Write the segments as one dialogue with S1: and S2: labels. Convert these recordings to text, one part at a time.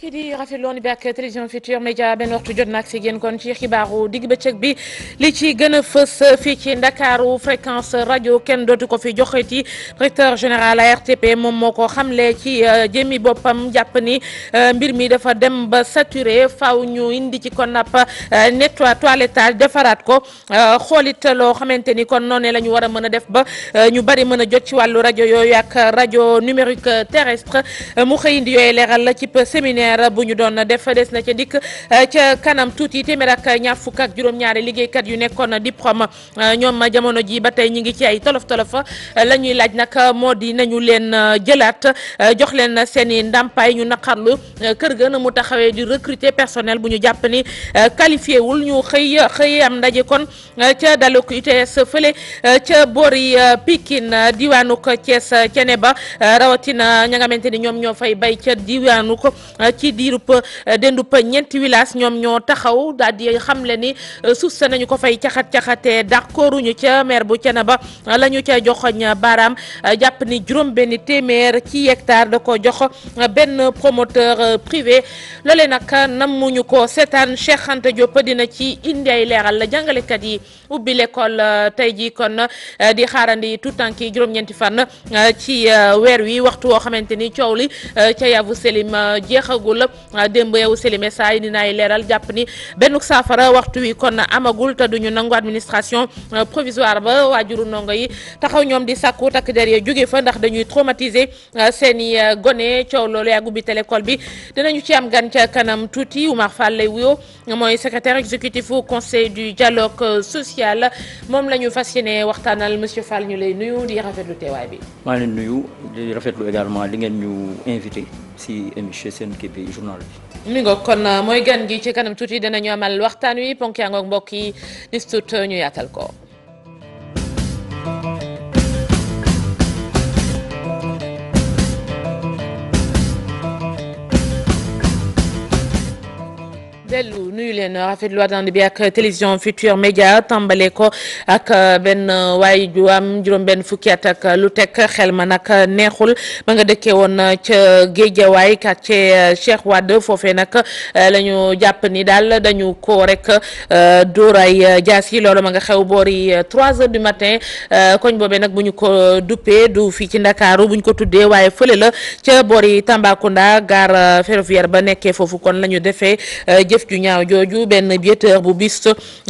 S1: kii mbokk yi di rafetloon bi ak télévision Futurs Médias benn waxtu jot na ak si yéen kon ci xibaaru digg bëccëg bi li ci gën a fës fii ci ndakaaru fréquence rajo kenn dootu ko fi joxeti directeur général RTP moom moo ko xamle ci euh, jëmi boppam jàpp ni euh, mbir mi dafa dem ba saturé faaw ñu indi ci kon ab euh, nettoie toilettage defaraat ko xoolit loo xamante ni kon noonu la ñu war a mën a def ba ñu bari mën a jot ci wàllu rajo yooyu ak rajo numérique terrestre mu xëy indi yooyu leeral la ci séminaire fonctionnaire bu ñu doon def des na ca dikk euh, ca kanam tuuti téeméer ak ñaar fukk ak juróom-ñaari liggéeykat yu nekkoon diplôme euh, ñoom jamono ji ba tey ñu ngi ci ay tolof tolof euh, la ñuy laaj nag moo di nañu leen jëlaat jox leen seen i ndàmpaay ñu naqarlu kër ga na mu taxawee di recruter personnel bu ñu jàpp ni qualifié wul ñu xëy xëy am ndaje kon ca daluk UTS fële ca boori pikin diwaanu ko cene ba rawatina ña ni ñoom ñoo fay bay ca diwaanu ci diirub eh, dendub ñeenti village ñoom ñoo taxaw daal di xam le ni eh, suuf sa nañu ko fay caxat-caxatee d'accorduñu ca maire bu Thiénaba eh, la ñu ca joxoñ baaraam jàpp ni juróom benn téeméer ci hectare da ko jox benn promoteur privé loole nag nammuñu ko seetaan Cheikh Anta dina ci indi ay leeral la jàngalekat yi ubbi l'école tey jii kon di xaarandi tout tànk yi juróom-ñeenti fan ci weer wi waxtu woo xamante ni coow li ca yavu selim jeexaw jotagul ah, démb yow Sélémé saa yi dinaay leeral jàpp ni benn saafara waxtu wi kon amagul te duñu nangu administration ah, provisoire ba waajuru ndongo yi taxaw ñoom di sàkku takk der yee jóge fa ndax dañuy traumatiser ah, seen i gone coow loolu yàggu bi télécole bi dinañu ci am gan ca kanam tuuti Oumar Fall lay wuyoo mooy secrétaire exécutif au conseil du dialogue euh, social moom la ñu fas yéene waxtaanal monsieur Fall ñu lay nuyu di rafetlu teewaay bi.
S2: maa ngi nuyu di si émission seen kii bi journal bi.
S1: mi ngoog mooy gan gi ci kanam tuuti dinañu amal waxtaan wi ponk yaa ngoog mbokk yi nis tuut ñu yaatal ko. dellu nuyu leen rafetlu ànd bi ak télévision Futur Média tàmbalee ko ak euh, benn euh, waay ju am juróom-benn fukki at ak lu tekk xel ma nag euh, neexul ma nga dekkee woon ca Géejawaay quartier Cheikh Wade foofee nag lañu jàpp ni daal dañu ko rek dóor ay jaas yi loolu ma nga xew boori 3 heures du matin koñ boobee nag bu ñu ko duppee du fii ci Ndakaaru bu ñu ko tuddee waaye fële la ca boori Tambacounda gar ferroviaire ba nekkee foofu kon la defee jëf ju ñaaw jooju benn biéteur bu bis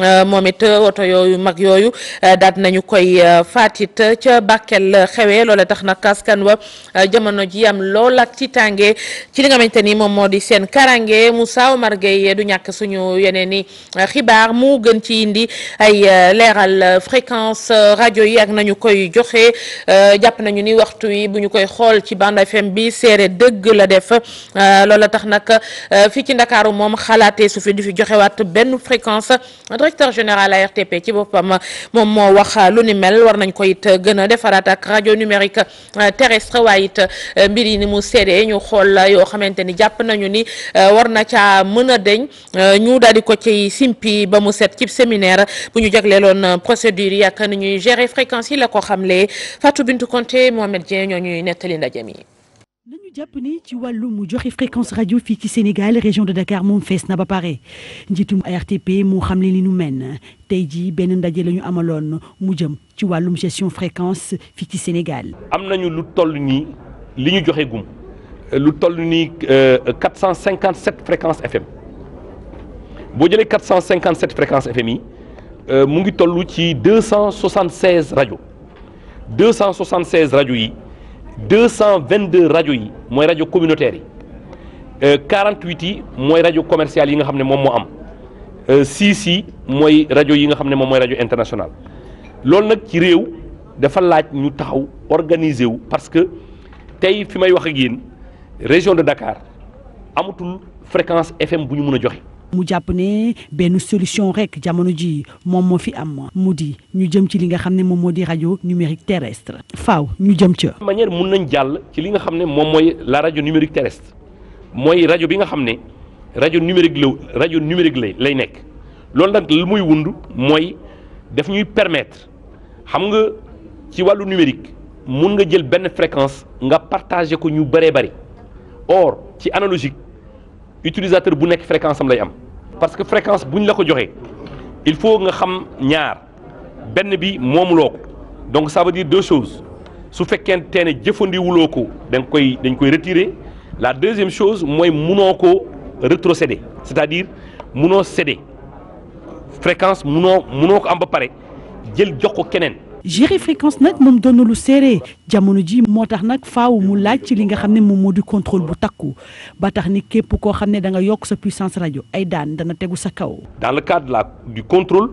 S1: euh, moom it oto yooyu mag yooyu euh, daat nañu koy euh, faatit ca Bakel xewee loola tax nag askan wa jamono ji am lool ak ci tànge ci li nga xamante ni moom moo di seen karange saaw Omar Gueye du ñàkk suñu yeneen i xibaar mu gën ci indi ay leeral fréquence rajo yi ak nañu koy joxe jàpp nañu ni waxtu wi bu ñu koy xool ci bande bi seere dëgg la def loola tax nag fii ci Ndakaaru moom xalaat su fi di fi joxewaat benn fréquence directeur général ARTP ci boppam moom moo wax lu ni mel war nañ ko it gën a defaraat ak radio numérique euh, terrestre waaye it euh, mbir yi ni mu seede ñu xool yoo xamante ni jàpp nañu ni euh, war na caa mën a deñ ñu daal di ko ci simpi ba mu set cib séminaire bu ñu jagleeloon procédure yi ak ni ñuy gérer fréquence yi la ko xamle Fatou Bintou Conté Mohamed Dieng ñoo ñuy nettali ndaje mi
S3: ñu jàpp ni ci wàllum joxe fréquence rajo fii ci Sénégal région de Dakar moom fees na ba pare njiitum ARTP mu xam ne li nu men tey jii benn ndaje lañu ñu amaloon mu jëm ci wàllum gestion fréquence fii ci Sénégal.
S4: am na ñu lu toll nii li ñu joxe gum lu toll nii 457 fréquence FM boo jëlee 457 fréquence FM yi euh, mu ngi toll ci 276 rajo 276 rajo yi. deux cent vingt deux rajo yi mooy rajo communautaire yi euh, quarante huit yi mooy rajo commercial yi nga xam ne moom moo am euh, six yi mooy rajo yi nga xam ne moom mooy rajo international loolu nag ci réew dafa laaj ñu taxaw organiser wu parce que tey fi may wax ak yéen région de Dakar amatul fréquence FM bu ñu mën a joxe
S3: mu jàpp ne benn solution rek jamono ji moom moo fi am mu di ñu jëm ci li nga xam ne moom moo di rajo numérique terrestre faaw ñu jëm ca.
S4: manière mun nañ jàll ci li nga xam ne moom mooy la rajo numérique terrestre mooy rajo bi nga xam ne rajo numérique la rajo numérique lay lay nekk loolu nag lu muy wund mooy daf ñuy permettre xam nga ci wàllu numérique mun nga jël benn fréquence nga partagé ko ñu bëree bëri or ci analogique. utilisateur bu nekk fréquence am lay am parce que fréquence bu ñu la ko joxee il faut nga xam ñaar benn bi moomuloo ko donc ça veut dire deux choses su fekkente ne jëfandiwuloo ko da nga koy dañ koy retirer la deuxième chose mooy munoo ko rétrocéder c'est-à-dire munoo céder fréquence munoo munoo ko am ba pare jël jox ko keneen.
S3: gérer fréquence nag moom doon na lu serré jamono ji moo tax nag faaw mu laaj ci li nga xam ne moom moo di contrôle bu takku ba tax ni képp koo xam ne da nga yokk sa puissance rajo ay daan dana tegu sa kaw.
S4: dans le cadre la du contrôle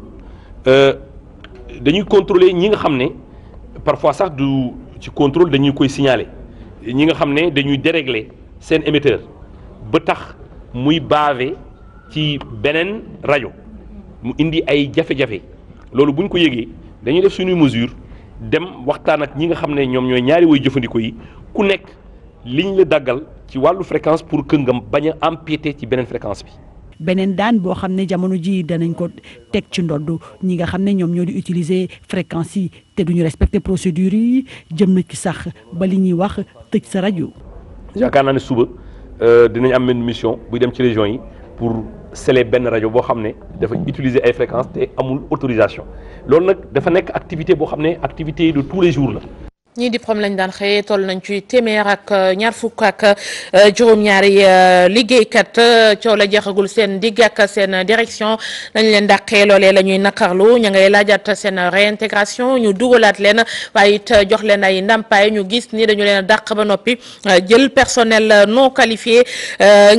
S4: euh, dañuy contrôler ñi nga xam ne parfois sax ci contrôle dañuy koy signaler ñi nga xam ne dañuy dérégler seen émetteur ba tax muy baave ci beneen rajo mu indi ay jafe-jafe loolu buñ ko yëgee. dañuy def suñuy mesure dem waxtaan ak ñi nga xam ne ñoom ñooy ñaari way jëfandikoo yi ku nekk liñ la daggal ci wàllu fréquence pour que nga bañ a empiété ci beneen fréquence bi.
S3: beneen daan boo xam ne jamono ji danañ ko teg ci ndodd ñi nga xam ne ñoom ñoo di utiliser fréquence yi te duñu respecter procédures yi jëm na sax ba li ñuy wax tëj sa rajo.
S4: yaakaar naa ne suba euh, dinañ am benn mission buy dem ci région yi pour. sele benn rajo boo xam ne dafa utiliser ay te amul autorisation loolu nag dafa nekk activité boo xam ne activité de tous les jours la
S1: ñii diplôme lañ daan xëyee toll nañ ci téeméer ak euh, ñaar fukk ak euh, juróom-ñaari euh, liggéeykat coow la jeexagul seen digg ak seen direction lañ leen dàqee loolee la ñuy naqarlu ña ngay laajaat seen réintégration ñu dugalaat leen waaye it jox leen ay ndàmpaay ñu gis ni dañu leen daq ba noppi jël personnel non qualifié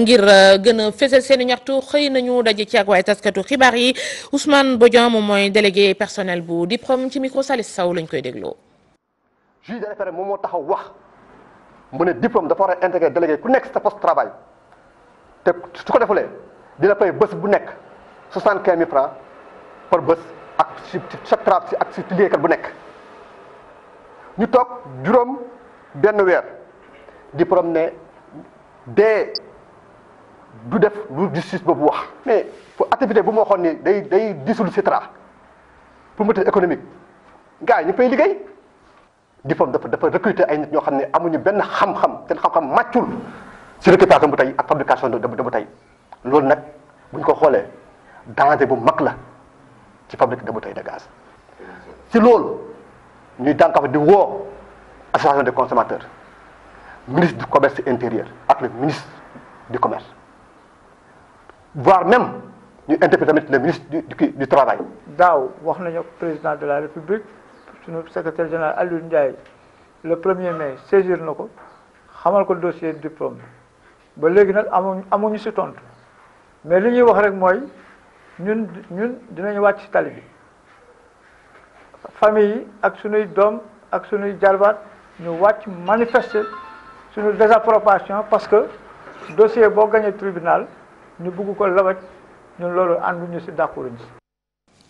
S1: ngir gën a fësal seen ñaxtu xëy nañu daje ci ak waaye taskatu xibaar yi Ousmane Bodian moom mooy délégué personnel bu diplôme ci micro Salis Sow lañ koy dégloo.
S5: juge de référé moom moo taxaw wax mu ne diplôme dafa war a intégré délégué ku nekk sa poste travail te su ko defulee dina fay bës bu nekk soixante quinze mille francs par bës ak si chaque tra si ak si liggéeykat bu nekk ñu toog juróom benn weer diplôme ne dee du def lu justice boobu wax mais pour activité bu mu waxoon ni day day disul pour promoteur économique gars yi ñu fay liggéey DIFAM dafa dafa recruter ay nit ñoo xam ne amuñu benn xam-xam seen xam-xam màccul si récupération bu tey ak fabrication de bu tey loolu nag bu ñu ko xoolee danger bu mag la ci fabrique de bouteille de gaz. si loolu ñuy dànkaf di woo association de consommateurs ministre du commerce intérieur ak le ministre du commerce voire même ñu interpellé tamit le ministre du du
S6: daaw wax nañu président de la république. suñu secretaire général Aliou Ndiaye le premier mai saisir na ko xamal ko dossier diplôme ba léegi nag amuñ amuñu si tontu mais li ñuy wax rek mooy ñun ñun dinañ wàcc si tali bi famille yi ak suñuy doom ak suñuy jarbaat ñu wàcc manifester suñu désapprobation parce que dossier boo gañee tribunal ñu bugg ko lawaj ñun loolu ànduñu si dàkkuruñ si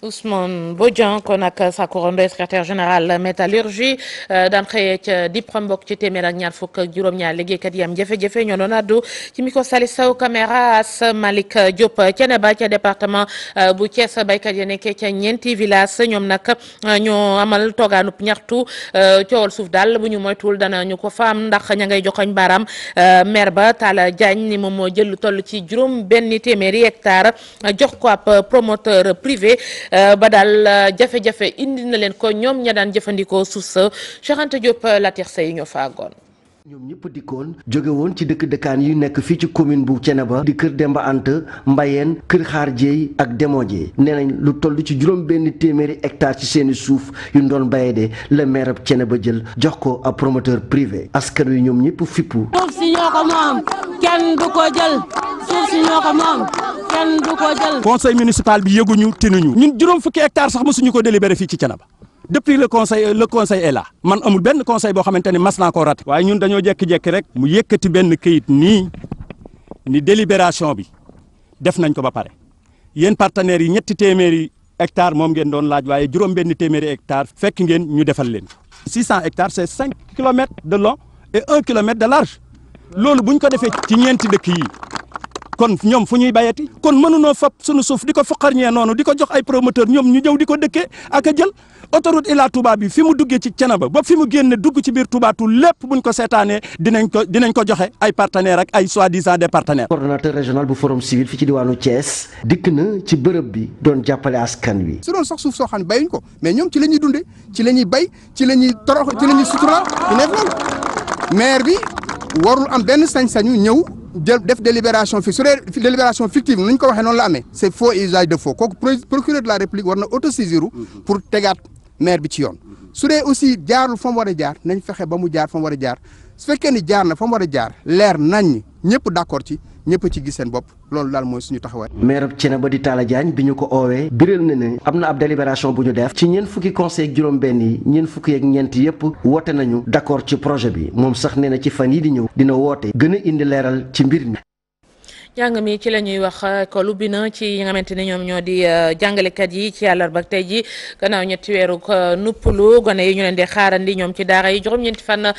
S1: Ousmane Bodian kon nag Sakkour Ndoye secrétaire général métallurgie euh, dan xëyee ca DIPROM bokk ci téeméer ak ñaar fukk ak juróom-ñaar liggéeykat yi am jafe-jafe ñoo doon addu ci micro Salif Sow caméra as Malick Diop Thiénaba ca département euh, bu Thiès baykat yi nekkee ca ñeenti village ñoom nag euh, ñoo amal toogaanub ñaxtu coowal suuf dal bu ñu moytuwul dana ñu ko faam ndax ña ngay joxoñ baaraam maire ba Talla Diagne ni moom moo jël toll ci juróom benn téeméeri hectare jox Euh, ba daal euh, jafe-jafe indi na leen ko ñoom ña daan jëfandikoo suuf sa Cheikh Anta Diop euh, la terre yi ñoo faagoon
S7: ñoom ñëpp dikkoon jóge woon ci dëkk dëkkaan yu nekk fii ci commune bu ba di kër Demba ant Mbayeen kër Xaar Jéey ak Demoo Jéey nee nañ lu toll ci juróom benn téeméeri hectare ci seeni suuf yu doon baye de la maire ab Thiénaba jël jox ko ab promoteur privé askan wi ñoom ñëpp fippu
S8: suuf si ñoo ko moom kenn du ko jël suuf si ñoo ko moom kenn du ko jël
S5: conseil municipal bi yëguñu tinuñu ñun juróom fukki hectare sax mësuñu ko délibéré fii ci Thiénaba depuis le conseil le conseil est man amul benn conseil boo xamante ni mas naa koo raté. waaye ñun dañoo jékki-jékki rek mu yëkkati benn këyit nii ni délibération bi def nañ ko ba pare yéen partenaires yi ñetti téeméeri hectares moom ngeen doon laaj waaye juróom-benn téeméeri hectares fekk ngeen ñu defal leen 600 hectares c'est cinq kilomètres de long et 1 kilomètre de large loolu bu ñu ko defee ci ñeenti dëkk yi kon ñoom fu ñuy bayati kon mënunoo fab suñu suuf di ko foqarñee noonu di ko jox ay promoteur ñoom ñu ñëw di ko dëkkee ak a jël autoroute Ila tubaab bi fi mu duggee ci Thiénaba ba fi mu génne dugg ci biir tubaatu lépp lépp buñ ko seetaanee dinañ ko dinañ ko joxe ay partenaires ak ay soi-disant des partenaires.
S7: coordonnateur régional bu forum civil fi ci diwaanu cees dikk na ci bërëb bi doon jàppale askan wi.
S5: su doon sax suuf soo xam ne bayuñ ko mais ñoom ci la ñuy ci la ñuy bay ci la ñuy torox ci la ñuy sutura maire bi warul am benn sañ-sañu ñëw. jël def délibération fi su dee délibération fictive ni ko waxee no la amee c'est faux et usage de faux kooku procureur de la république war na autosaisiru mhm. pour tegaat maire bi ci yoon mhm. su dee aussi jaarul fa mu war a jaar nañ fexe ba mu jaar fa war a jaar su fekkee ni jaar na fa mu war a jaar leer nañ ñëpp d'accord ci ñëpp ci gis seen bopp loolu daal mooy suñu taxawaay.
S7: maire Thiénaba di Talla Diagne bi ñu ko oowee biral na ne am na ab délibération bu ñu def ci ñeent fukki conseil ak juróom-benn yi ñeent fukki ak ñeent yépp woote nañu d'accord ci projet bi moom sax nee na ci fan yi di ñëw dina woote gën a indi leeral ci mbir mi.
S1: njàng mi ci la ñuy wax école eh, ubbi na ci yi nga xamante ni ñoom ñoo di eh, jàngalekat yi ci àllarba tey ji gannaaw ñetti weeru eh, nuppalu gone yi ñu leen di xaarandi ñoom ci daara yi juróom-ñeenti fan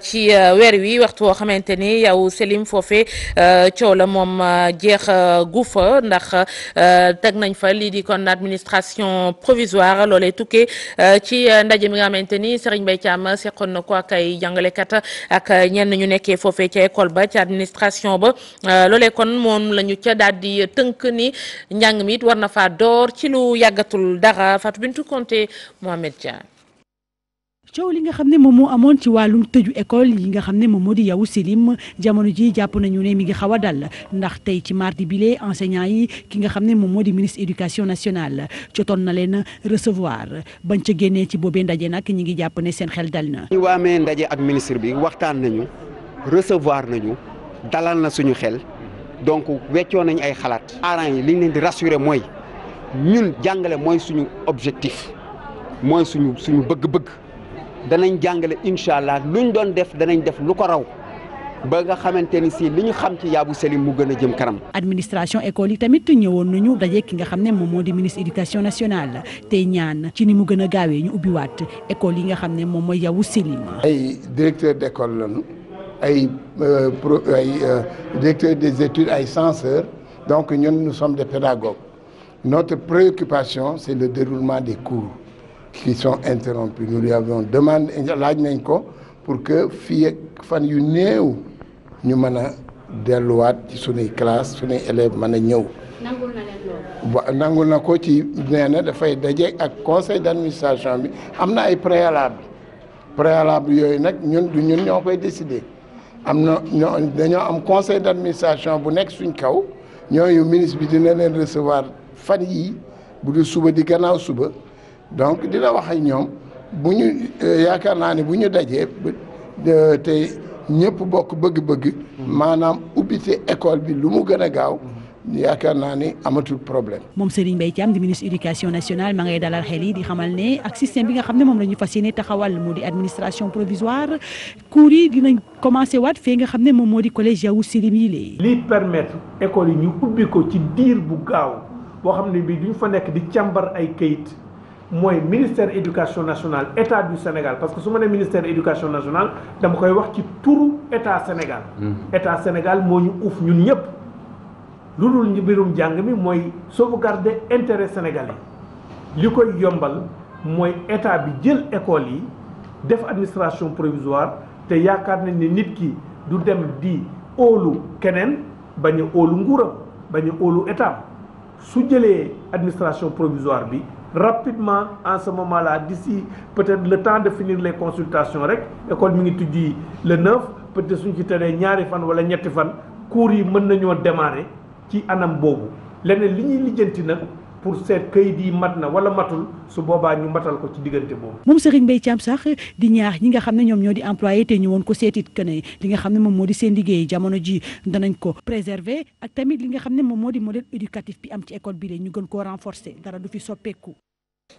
S1: ci weer wi waxtu woo xamante ni yow Selim foofe coow la moom jeex gu fa ndax teg nañ fa lii di kon administration provisoire loolee tukkee ci ndaje mi nga xamante ni Serigne Mbaye Thiam seqoon na ko ak ay jàngalekat ak ñenn ñu nekkee foofee ca école ba ci administration ba loolee kon kon moom la ñu ca daal di tënk ni njàng mi it war na faa door ci lu yàggatul dara Fatou Bintou Konté Mohamed Dia.
S3: coow li nga xam ne moom moo amoon ci wàllum tëju école yi nga xam ne moom moo di Yawu Selim jamono ji jàpp nañu ne mi ngi xaw a dal ndax tey ci mardi bile enseignant yi ki nga xam ne moom moo di ministre éducation nationale jotoon na leen recevoir bañ ca génnee ci boobee ndaje nag ñi ngi jàpp ne seen xel dal na.
S7: ñu waamee ndaje ak ministre bi waxtaan nañu recevoir nañu suñu xel donc weccoon nañ ay xalaat parents yi liñ leen di rassurer mooy ñun jàngale mooy suñu objectif mooy suñu suñu bëgg-bëgg danañ jàngale incha allah luñ doon def danañ def lu ko raw ba nga xamante ni si li ñu xam ci yaabu selim mu gën a jëm kanam.
S3: administration école yi tamit ñëwoon nu ñu daje ki nga xam ne moom moo di ministre éducation nationale tey ñaan ci ni mu gën a gaawee ñu ubbi ubbiwaat école yi nga xam ne moom mooy yaabu selim.
S9: ay directeur d'école lañu ay euh, pro ay euh, directeur des études ay censeurs donc ñun nous sommes des pédagogues notre préoccupation c'est le déroulement des cours qui son interrompus nous lui avons demandé laaj nañ ko pour que fii ak fan yu néew ñu mën a delluwaat ci sunuy classe sunuy élèves mën a ñëw.
S1: nangul na
S9: leen na ko ci nee na dafay daje ak conseil d'administration bi am na ay préalable préalable yooyu nag ñun du ñun ñoo koy décider. am na ñoo dañoo am conseil d'administration bu nekk suñ kaw ñooyu ministre bi dina leen recevoir fan yii bu dul suba di gannaaw suba donc dina wax ak ñoom bu ñu euh, yaakaar naa ne bu ñu dajee te ñëpp bokk bëgg-bëgg. Mm. maanaam ubbite école bi lu mu gën a gaaw. yaakaar naa ni amatul problème.
S3: moom Serigne Mbaye Thiam di ministre éducation nationale ma ngay dalal xel yi di xamal ne ak système bi nga xam ne moom la ñu fas yéene taxawal moo di administration provisoire cours yi dinañ commencé waat fee nga xam ne moom moo di collège yawu Sirim yi léegi.
S6: lii permettre école yi ñu ubbi ko ci diir bu gaaw boo xam ne bii duñ fa nekk di càmbar ay kayit mooy ministère éducation nationale état du Sénégal parce que su ma nee ministère éducation nationale dama koy wax ci turu état Sénégal. Mm-hmm. état Sénégal moo ñu uuf ñëpp. lu dul mbirum jàng mi mooy sauvegarder intérêt sénégalais li koy yombal mooy état bi jël école yi def administration provisoire te yaakaar nañ ne nit ki du dem di óolu keneen bañ a óolu nguuram bañ a óolu état su jëlee administration provisoire bi rapidement en ce moment-là d'ici peut-être le temps de finir les consultations rek école mi ngi tijji le 9 peut-être suñ ci teree ñaari fan wala ñetti fan cours yi mën nañoo démarrer. ci anam boobu leneen li ñuy lijjanti nag pour seet kayit yi mat na wala matul su boobaa ñu matal ko ci diggante boobu.
S3: moom Serigne Mbaye Thiam sax di ñaax ñi nga xam ne ñoom ñoo di employé te ñu woon ko seetit que yi li nga xam ne moom moo di seen liggéey jamono ji danañ ko préserver ak tamit li nga xam ne moom moo di modèle éducatif bi am ci école bi la ñu gën koo renforcer dara du fi soppeeku.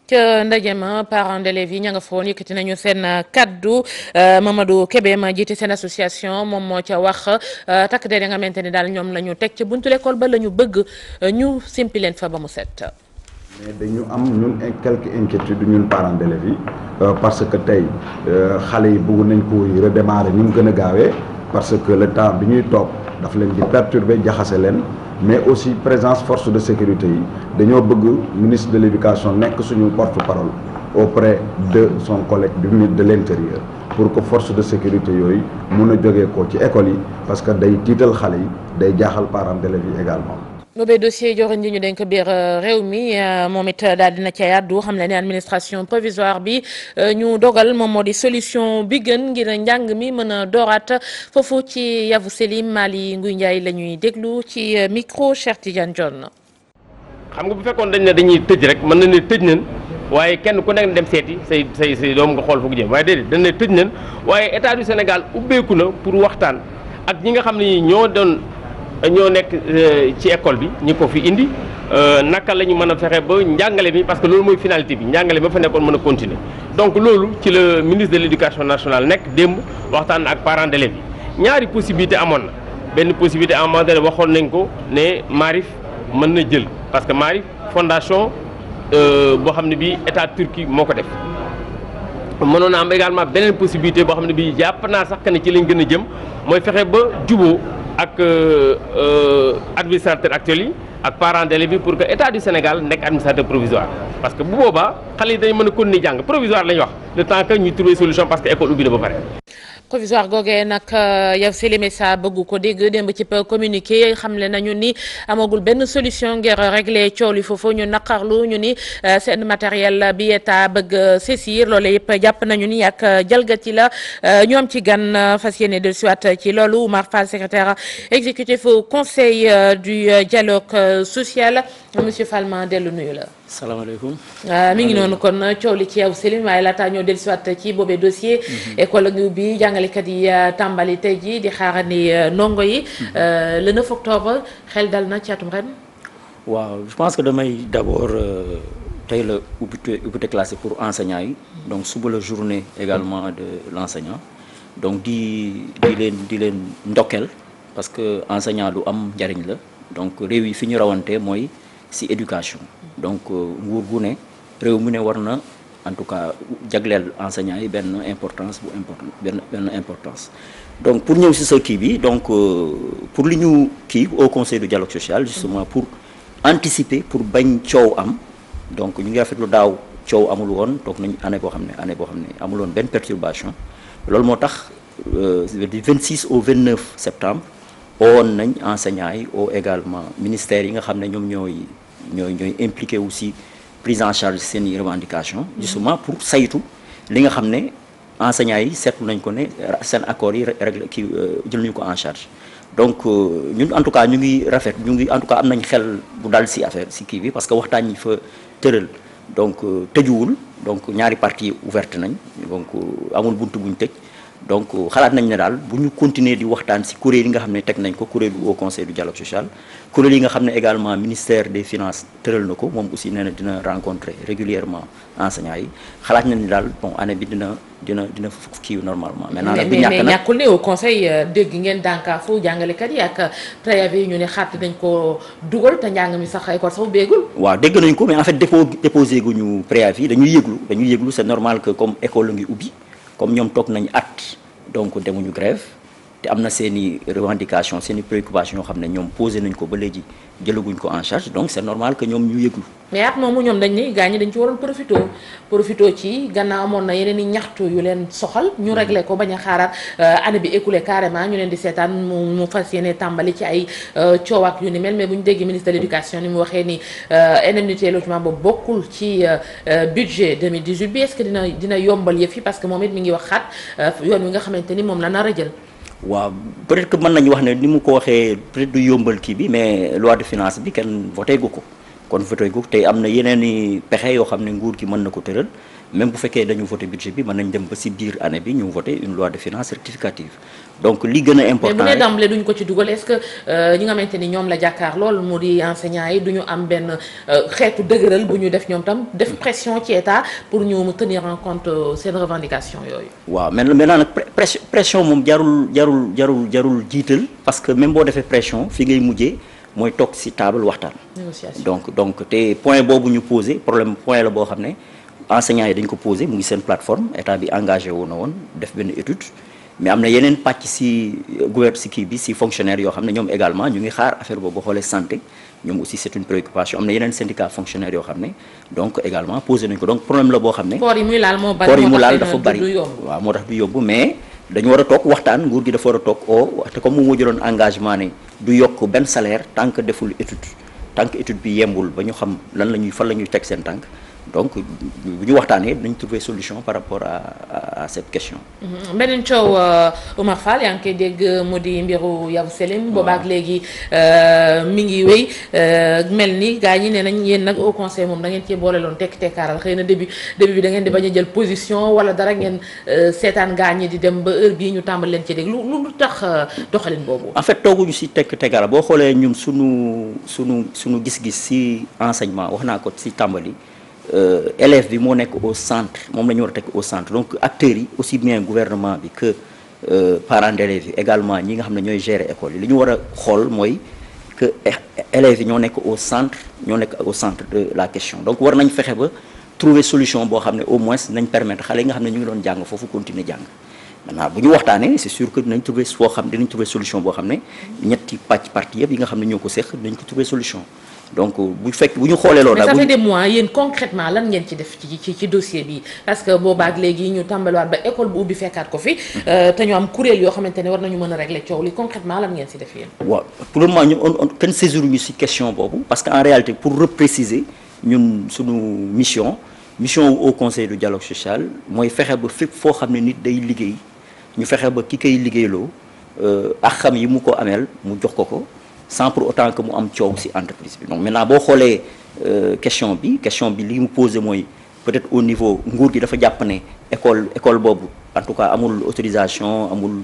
S1: ca ndaje ma parents d'élèves yi ña nga foon yëkkati nañu seen euh, kaddu euh, Mamadou Kébé ma jiite seen association moom moo ca wax euh, takk der ya nga xamante ni daal ñoom la teg ca buntu l'école ba la ñu bëgg ñu simpi leen fa ba mu set.
S5: mais dañu am ñun quelques inquiétudes ñun parents d'élèves yi parce que tey xale yi bëgg nañ ko redémarrer ñu mu gën a gaawee parce que le temps bi ñuy toog daf leen di perturber jaxase leen. mais aussi présence force de sécurité yi dañoo bëgg ministre de l'éducation nekk suñu porte-parole près de son collègue du ministre de l'intérieur pour que force de sécurité yooyu mun a jógee ko ci école yi parce que day tiital xale yi day jaaxal parents d'élèves yi également
S1: boobee dossier joxoon ji ñu dénk biir euh, réew mi euh, moom it daal dina ca yàddu xam ne ne administration provisoire bi euh, ñu dogal moom moo di solution bi gën ngir njàng mi mën a dooraat foofu ci Yavu Selim Mali Nguy njaay la ñuy déglu ci micro Cheikh Tidiane John.
S10: xam nga bu fekkoon dañ ne dañuy tëj rek mën na ne tëj nañ waaye kenn ku nekk dem seeti say say doom nga xool foog jëm waaye déedéet dañ ne tëj nañ waaye état Sénégal ubbeeku na pour waxtaan ak ñi nga xam ne ñoo doon. dañoo nekk euh, ci école bi ñi ko fi indi euh, naka la ñu mën a fexe ba njàngale bi parce que loolu mooy finalité bi njàngale ba fa nekkoon mën a continuer donc loolu ci la ministre de l' éducation nationale nekk démb waxtaan ak parents d'élèves yi ñaari possibilité amoon na benn possibilité à un moment waxoon nañ ko ne Maarif mën na jël parce que Maarif fondation euh, boo xam ne bii état Turquie moo ko def mënoon am également beneen possibilité boo xam ne bii jàpp naa sax que ne ci lañ gën a jëm mooy fexe ba juboo ak euh, administrateur actuel yi ak parents d'élèves yi pour que état du Sénégal nekk administrateur provisoire. parce que bu boobaa xale yi dañ mën a continuer jàng provisoire lañ wax le temps que ñu trouver solution parce que école ubbi na ba pare.
S1: provisoire googee nag euh, yow Sélé Messa bëgg ko dégg démb ci communiqué xamle nañu ni amagul benn solution ngir régler coow li foofu ñu naqarlu ñu ni euh, seen matériel bi état bëgg euh, saisir loolu yëpp jàpp nañu ni ak jalgati la ñoom ci gan fas yéene de suite ci loolu Oumar Fall secrétaire exécutif au conseil du dialogue social monsieur Falman dellu nuyu la. salaamaaleykum. Ah, mu ngi noonu kon coow li ci yow Selim waaye laataa ñoo dellusiwaat ci boobee dossier. Mhm. école bi jàngalekat yi ah, tàmbali tey jii di xaarandi ah, ndongo yi. Mhm. le 9 octobre xel dal na ci atum ren.
S2: waaw je pense que damay d' abord euh, tey la ubbite ubbite classe pour enseignants yi. donc suba la journée également de l' donc di di leen di leen ndokkeel parce que enseignant lu am njariñ la donc réew yi fi ñu rawante mooy si éducation. donc euh, nguur gu ne réew mu ne war na en tout cas jagleel enseignants yi benn importance bu important benn importance donc pour ñëw si sa kii bi donc euh, pour li ñu kii au conseil du dialogue social justement pour anticiper pour bañ coow am donc ñu ngi rafetlu daaw coow amul woon toog nañu année boo xam ne année boo xam ne amul woon benn perturbation loolu moo tax euh, du 26 au 29 septembre owoon nañ enseignants yi o également ministères yi nga xam ne ñoom ñooy ñooy ñooy impliqué aussi prise en charge seen i revendication justement pour saytu li nga xam ne enseignants yi seetu nañ ko ne seen accords yi réglé kii euh, jël nañu ko en charge donc euh, ñun en tout cas ñu ngi rafet ñu ngi en tout cas am nañ xel bu dal si affaire si kii bi parce que waxtaan yi fa tëral donc euh, tëjuwul donc ñaari parties ouverte nañ donc amul buntu buñ tëj donc euh, xalaat nañ ne daal bu ñu continuer di waxtaan si kuréel yi nga xam ne teg nañ ko kuréelu Haut Conseil du dialogue social kuréel yi nga xam ne également ministère des finances tëral na ko moom aussi nee na dina rencontrer régulièrement enseignants yi xalaat nañ ne daal bon année bi dina dina dina kii normalement. maintenant nag bu ñàkk nag mais
S1: ñàkkul ne Haut Conseil euh, dégg ngeen dànkaafu jàngalekat yi ak préavis yi ñu ne xaat nañ ko dugal te njàng mi sax école sax béegul.
S2: waaw dégg nañ ko mais en fait déposé guñu préavis dañuy yëglu dañuy yëglu c'est normal comme école ubbi. comme ñoom toog nañu at donc demuñu grève te am na seen i revendication seen i préoccupation yoo xam ne ñoom posé nañ ko ba léegi jëlaguñ ko en charge donc c'est normal que ñoom ñu
S7: yëglu
S1: mais at moomu ñoom dañ ne gaa ñi dañ ci ci gannaaw amoon na yeneen i ñaxtu yu leen soxal ñu mm-hmm. regle ko bañ a xaaraat euh, année bi écoulé carrément ñu leen di seetaan mu mu fas yéene tàmbali ci ay euh, coowaak yu ni mel mais bu ñu dégg ministre de l'éducation ni mu waxee ni euh, indemnité logement ba bokkul ci budget 2018 bi est-ce que dina yombal yëf yi parce que moom it mi ngi wax xaat yoon wi nga xamante ni moom la nar a jël
S2: waaw peut-être que mën nañu wax ne ni mu ko waxee peut du yombal kii bi mais loi de finance bi kenn voté gu ko kon voté gu tey am na yeneen i pexe yoo xam ne nguur gi mën na ko tëral même bu fekkee dañu voté budget bi mën nañ dem ba si biir année bi ñu voté une loi de finance rectificative donc li gën a important
S1: mais duñ ko ci dugal est-ce que euh, ñi nga xamante ni ñoom la jàkkaar lool mu di enseignants yi duñu am benn euh, xeetu dëgëral bu ñu def ñoom tam def pression ci état pour ñu tenir en compte euh, seen revendication yooyu.
S2: waaw mais maintenant nag pression pression moom jarul jarul jarul jarul jiital parce que même boo defee pression fi ngay mujjee. mooy toog ci table waxtaan. donc donc te point boobu ñu posé problème point la boo xam ne enseignants yi dañ ko posé mu ngi seen plateforme état bi engagé wu na woon def benn étude. mais am na yeneen pàcc si euh, gouver si kii bi si fonctionnaire yoo xam ne ñoom également ñu ngi xaar affaire boobu xoolee santé ñoom aussi c'est une préoccupation am na yeneen syndicat fonctionnaire yoo xam ne donc également posé nañu ko donc problème la boo xam ne koor
S1: yi muy laal moo bari moo tax
S2: du yomb mais dañu war a toog waxtaan nguur gi dafa war a toog o te comme mu moo jëloon engagement ne du yokk benn salaire tant que deful étude tant que bi yembul ba ñu xam lan la ñuy fan la ñuy teg seen tànk donc bu ñu waxtaan waxtaanee dañ trouver solution par rapport à cette question.
S1: Mm-hmm. beneen coow euh, Oumar Fall yaa ngi koy dégg mu di mbiru Yerushalim. waaw boobaak léegi euh, mi ngi wéy euh, mel ni gars ñi ne nañ yéen nag o conseil moom da ngeen cee boole loon tekk tekkaaral xëy na début début bi da ngeen di bañ a jël position wala dara ngeen seetaan gars ñi di dem ba heure bii ñu tàmbal leen ci dégg lu lu tax doxalin boobu. en
S2: fait tooguñu si tekk tekkaaral boo xoolee ñun sunu sunu sunu gis-gis si enseignement wax naa ko si tàmbali. Euh, élève bi moo nekk au centre moom la ñu war a teg au centre donc acteurs yi aussi bien gouvernement bi que euh, parents d'élèves yi également ñi nga xam ne ñooy gérer école yi li ñu war a xool mooy que élèves yi ñoo nekk au centre ñoo nekk au centre de la question donc war nañ fexe ba trouver solution boo xam ne au moins nañ permettre xale yi nga xam ne ñu ngi doon jàng foofu continuer jàng maintenant bu ñu waxtaanee c'est sûr que dinañ trouver foo xam dinañ trouver solution boo xam ne ñetti pàcc partie yi nga xam ne ñoo ko séq dinañ ko trouver solution donc bu fekk bu ñu xooleeloo loolu. mais ça
S1: fait yéen concrètement lan ngeen ci def ci ci dossier bi parce que boobaak léegi ñu tàmbaliwaat ba école bu ubbi fekkaat ko fi. Euh, te ñu am kuréel yoo xamante ne war na nañu mën a régler coow li concrètement lan ngeen si def yéen.
S2: waaw pour le moment ñu on kenn saisir ñu si question boobu parce que en réalité pour repréciser ñun suñu mission mission au conseil du dialogue social mooy fexe ba fépp foo xam ne nit day liggéey ñu fexe ba ki koy liggéeyloo euh, ak xam yi mu ko ameel mu jox ko ko. sans pour autant que mu am coow si entreprise bi donc maintenant boo xoolee euh, question bi question bi li mu posé mooy peut-être au niveau nguur gi dafa jàpp ne école école boobu en tout cas amul autorisation amul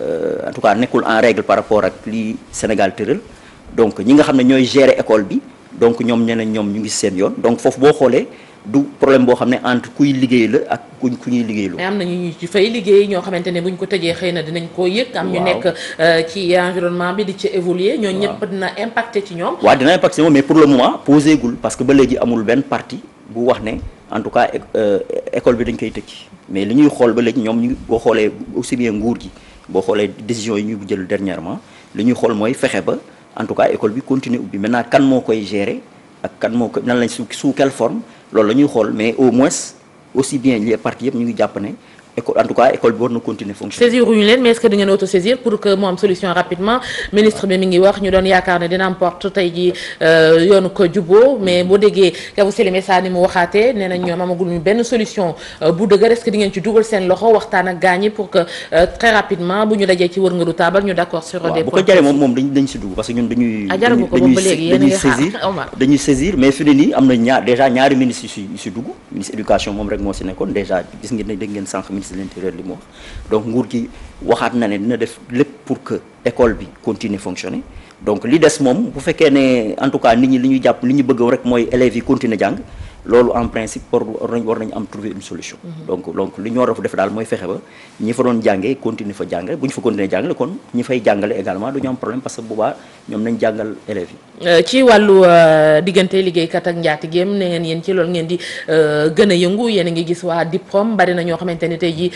S2: euh, en tout cas nekkul en règle par rapport ak li Sénégal tëral donc ñi nga xam ne ñooy gérer école bi donc ñoom nee ñoom ñu ngi seen yoon donc foofu boo xoolee du problème boo xam ne entre kuy liggéey la ak kuñ ku ñuy liggéey mais am
S1: na ñu ci fay liggéey ñoo xamante ne buñ ko tëjee xëy na dinañ koo yëg. am ñu nekk euh, ci environnement bi di ci évoluer. waaw ñooñu ñëpp dina impacté ci ñoom.
S2: waaw dina impacté moom mais pour le moment posé gul parce que ba léegi amul benn parti bu wax ne en tout cas euh, école bi dañ koy tëj mais li ñuy xool ba léegi ñoom ñu boo xoolee aussi bien nguur gi boo xoolee décision yi ñu jël dernièrement li ñuy xool mooy fexe ba en tout cas école bi continuer ubbi maintenant kan moo koy gérer ak kan moo ko nan lañ su sous quelle loolu la ñuy xool mais au moins aussi bien les partis yëpp ñu ngi jàpp ne école en bi war na continuer fonction.
S1: saisir leen mais est-ce auto saisir pour que mu solution rapidement ministre bi mi ngi wax ñu doon yaakaar ne dina am porte tey euh, yoonu ko juboo mais boo déggee Kavou euh, waxtaan ak gaañ pour que euh, très rapidement bu ñu dajee ci wërngalu taabal ñu d'accord sur des bu ko jaree
S2: moom moom dañ dañ si dugg parce que ñun dañuy ah, saisir mais fi nii am na ñaar déjà ñaari ministres yu si yu si ministre de l'intérieur li mu wax donc nguur gi waxaat na ne dina def lépp pour que école bi continuer fonctionner donc li des moom bu fekkee ne en tout cas nit ñi li ñu jàpp li ñu bëgg rek mooy élèves yi continuer jàng loolu en principe war nañ war nañu am trouver une solution mhm. donc donc li ñu war a def daal mooy fexe ba ñi fa doon jàngee continuer fa jànga bu ñu fa continuer jàngale kon ñi fay jàngale également du ñu am problème parce que boobaa ñoom nañ jàngal élèves
S1: yi euh, ci wàllu euh, diggante liggéeykat ak njaatigéem ne ngeen yéen ci lool ngeen di euh, gën a yëngu yéen a ngi gis waa diplôme bari na ñoo xamante ne tey ji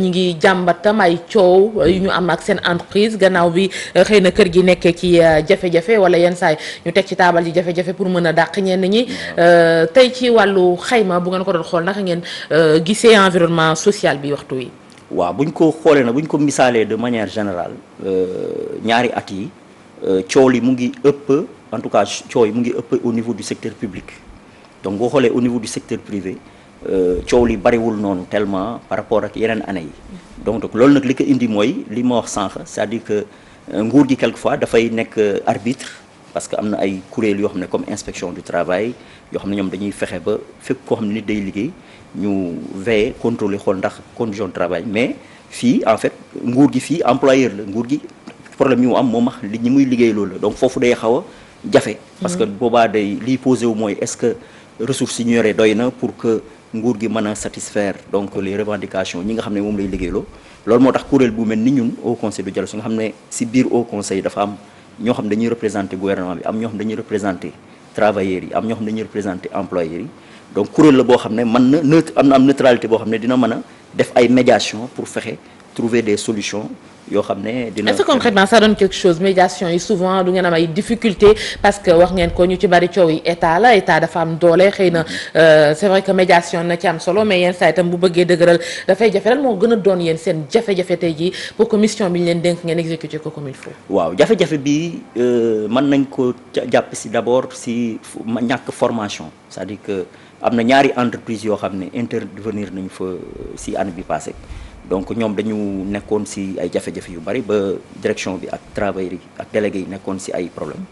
S1: ñi ngi jàmbatam ay coow yu ñu am ak seen entreprise gannaaw bi xëy na kër gi nekkee ci jafe-jafe wala yenn saay ñu teg ci taabal ji jafe pour mën a dàq ñenn ñi tey ci wàllu xayma bu ngeen ko doon xool naka ngeen euh, gisee environnement social bi waxtu wi.
S2: waaw bu ñu ko xoolee na bu ñu ko misaalee de manière générale euh, ñaari at yi euh, coow li mu ngi ëpp en tout cas yi mu ngi ëpp au niveau du secteur public donc boo xoolee au niveau du secteur privé coow li bariwul noonu tellement par rapport ak yeneen année yi donc loolu nag li ko indi mooy li ma wax sànq sa à dire que nguur gi quelquefois dafay nekk arbitre parce que am na ay kuréel yoo xam ne comme inspection du travail yoo xam ne ñoom dañuy fexe ba fépp koo xam ne nit day liggéey ñu veiller contrôler xool ndax condition de travail mais fii en fait nguur gi fii employeur la nguur gi problème yi mu am moom max li ñi muy liggéey loolu la donc foofu day xaw a jafe parce que mm-hmm. boobaa day liy posé wu mooy est-ce que ressources yi ñu yoree doy na pour que nguur gi mën a satisfaire donc les revendications ñi nga xam ne moom lay liggéeyloo loolu moo tax kuréel bu mel ni ñun au conseil du dialogue su nga xam ne si biir au conseil dafa am ñoo xam dañuy représenter gouvernement bi am ñoo xam dañuy représenter travailleurs yi am ñoo xam ne dañuy représenter employeurs yi donc kuréel la boo xam ne man na neutre am na am neutralité boo xam ne dina mën a def ay médiation pour fexe trouver des solution yoo xam ne dina. est-ce que
S1: concrètement ça médiation yi souvent du ngeen am ay difficulté parce que wax ngeen ko ñu ci bari coow yi état la état dafa am doole xëy na euh, c'est vrai que médiation na ci am solo mais yenn saa itam bu bëggee dëgëral dafay jafe lan moo gën a doon yéen seen jafe-jafe tey ji pour que mission bi ñu leen dénk ngeen exécuter ko comme il faut.
S2: waaw jafe-jafe bi euh, mën nañ ko jàpp si d'abord si ñàkk formation c'est-à-dire que am na ñaari entreprise yoo xam ne intervenir nañ fa euh, si année bi passée. donc ñoom dañu nekkoon ci ay jafe-jafe yu bari ba direction bi ak travailleurs yi ak délégués yi nekkoon ci ay problème